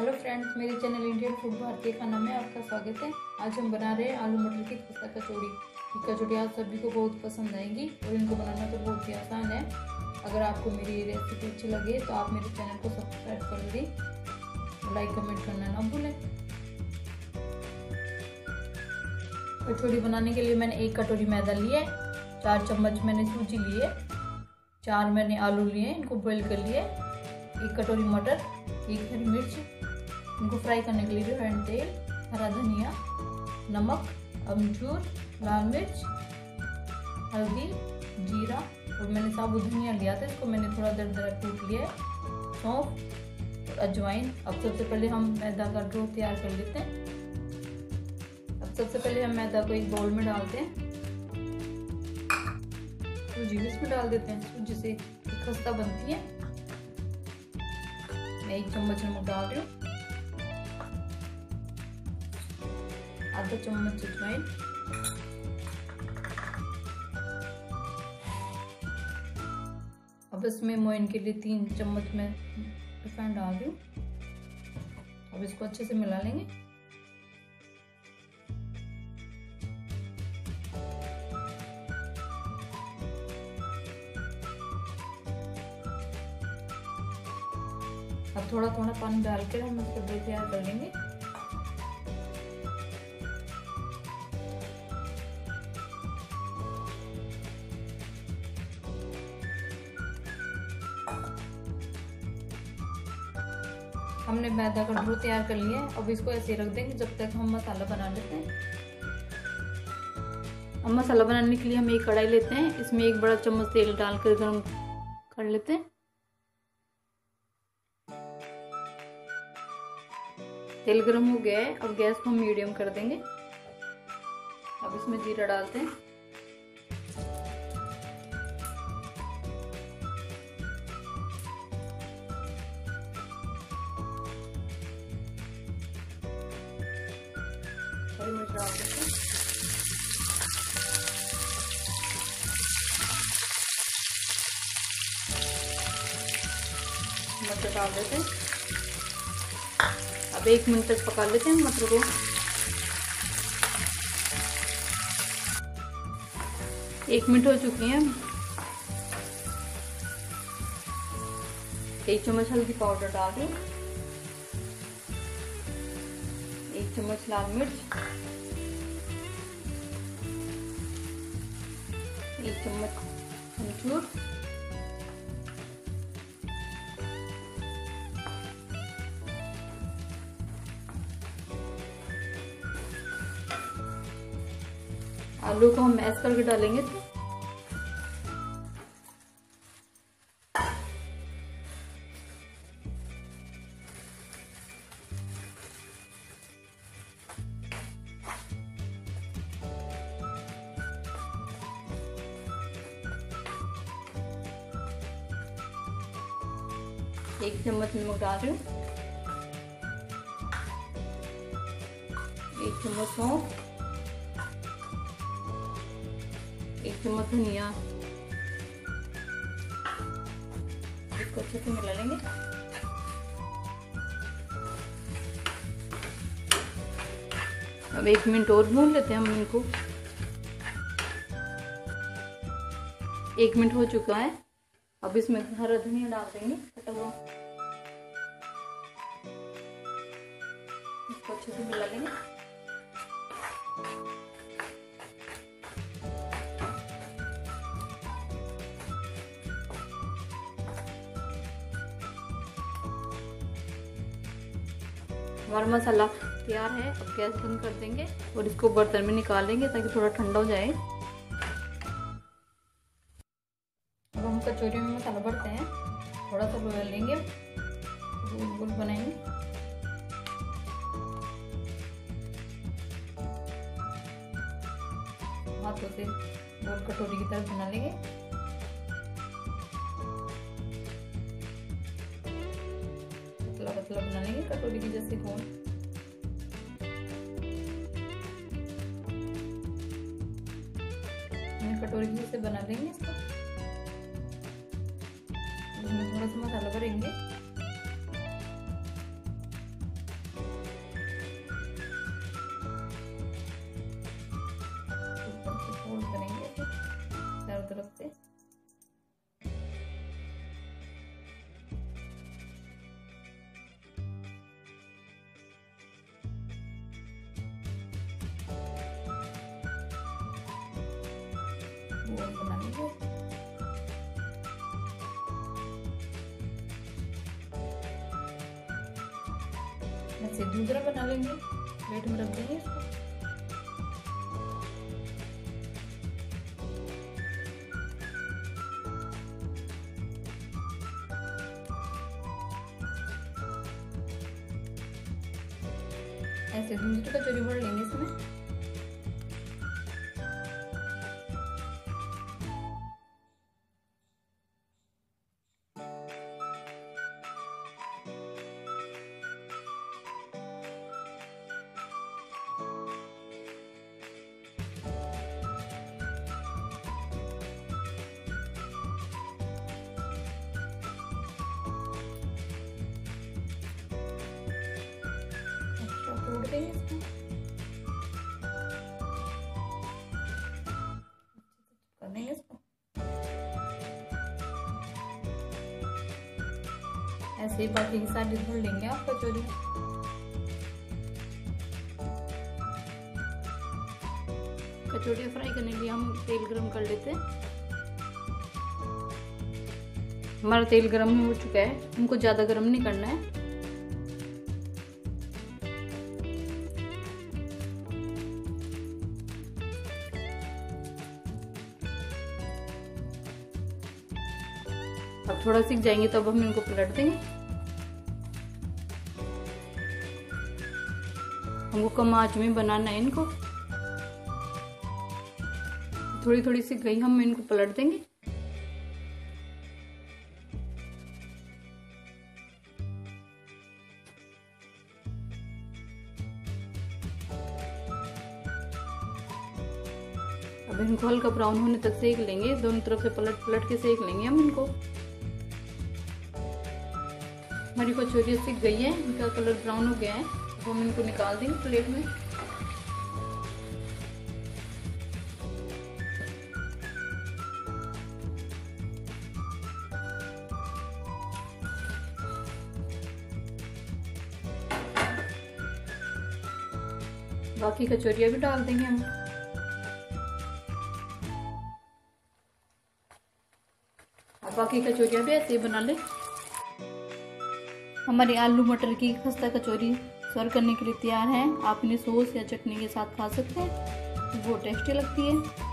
hello friends मेरे channel Indian food भारतीय खाना में आपका स्वागत है आज हम बना रहे हैं आलू मटर की खस्ता कचौड़ी ये कचौड़ी आप सभी को बहुत पसंद आएंगी और इनको बनाना तो बहुत ही आसान है अगर आपको मेरी ये रेसिपी अच्छी लगे तो आप मेरे चैनल को सब्सक्राइब कर दें लाइक कमेंट करना ना भूलें कचौड़ी बनाने के लिए मैंने एक कटोरी मैदा लिया है चार चम्मच मैंने सूजी ली है चार मैंने आलू लिए इनको बॉयल कर लिए एक कटोरी मटर एक हरी मिर्च फ्राई करने के लिए हैंड तेल हरा धनिया नमक अमचूर लाल मिर्च हल्दी जीरा और मैंने साबुत धनिया लिया था इसको मैंने थोड़ा दर दर कूट लिया सौंफ और अजवाइन अब सबसे पहले हम मैदा का डो तैयार कर लेते हैं अब सबसे पहले हम मैदा को एक बाउल में डालते हैं सूजी भी इसमें डाल देते हैं सूजी से खस्ता बनती है मैं एक चम्मच नमक डाल रही हूँ आधा चम्मच अजवाइन अब इसमें मोइन के लिए तीन चम्मच में रिफाइंड डाल दूँ अब इसको अच्छे से मिला लेंगे अब थोड़ा थोड़ा पानी डाल के हम इसको तैयार कर लेंगे हमने मैदा का डो तैयार कर लिया है अब इसको ऐसे रख देंगे जब तक हम मसाला बना लेते हैं अब मसाला बनाने के लिए हम एक कढ़ाई लेते हैं इसमें एक बड़ा चम्मच तेल डालकर गर्म कर लेते हैं तेल गर्म हो गया है अब गैस को हम मीडियम कर देंगे अब इसमें जीरा डालते हैं मिर्च डाल देते हैं मटर डाल देते हैं अब एक मिनट तक पका लेते हैं मटर को एक मिनट हो चुकी है एक चम्मच हल्दी पाउडर डाल दें चम्मच लाल मिर्च एक चम्मच अमचूर आलू को हम मैश करके डालेंगे तो एक चम्मच नमक डाल रही हूँ एक चम्मच हो एक चम्मच धनिया इसको अच्छे से मिला लेंगे अब एक मिनट और भून लेते हैं हम इनको एक मिनट हो चुका है अब इसमें हरा धनिया डाल देंगे कटा हुआ इसको अच्छे से मिला देंगे हमारा मसाला तैयार है अब गैस बंद कर देंगे और इसको बर्तन में निकाल लेंगे ताकि थोड़ा ठंडा हो जाए हम कचौरी में मसाला भरते हैं थोड़ा सा लोया लेंगे गुल गुल बनाएंगे हाथों से गोल कटोरी की तरफ बना लेंगे पतला पतला बना लेंगे कटोरी की जैसे गोल कटोरी की जैसे बना लेंगे इसको इसमें थोड़ा सा मसाला भरेंगे ऐसे दूसरा बना लेंगे प्लेट में रख देंगे इसको ऐसे दूसरी कचौरी भर लेंगे इसमें करते हैं ऐसे ही बाकी के साथ भून लेंगे आप कचोरी कचोरी फ्राई करने के लिए हम तेल गरम कर लेते हैं हमारा तेल गरम हो चुका है हमको ज़्यादा गरम नहीं करना है अब थोड़ा सीख जाएंगे तब हम इनको पलट देंगे हमको कम आँच में बनाना है इनको थोड़ी थोड़ी सी गई हम इनको पलट देंगे अब इनको हल्का ब्राउन होने तक सेक लेंगे दोनों तरफ से पलट पलट के सेक लेंगे हम इनको हमारी कचोरी सीख गई है इनका कलर ब्राउन हो गया है तो हम इनको निकाल देंगे प्लेट में बाकी कचोरिया भी डाल देंगे हम बाकी कचोरिया भी ऐसे ही बना लें हमारी आलू मटर की खस्ता कचौरी सर्व करने के लिए तैयार है आप इन्हें सॉस या चटनी के साथ खा सकते हैं वो टेस्टी लगती है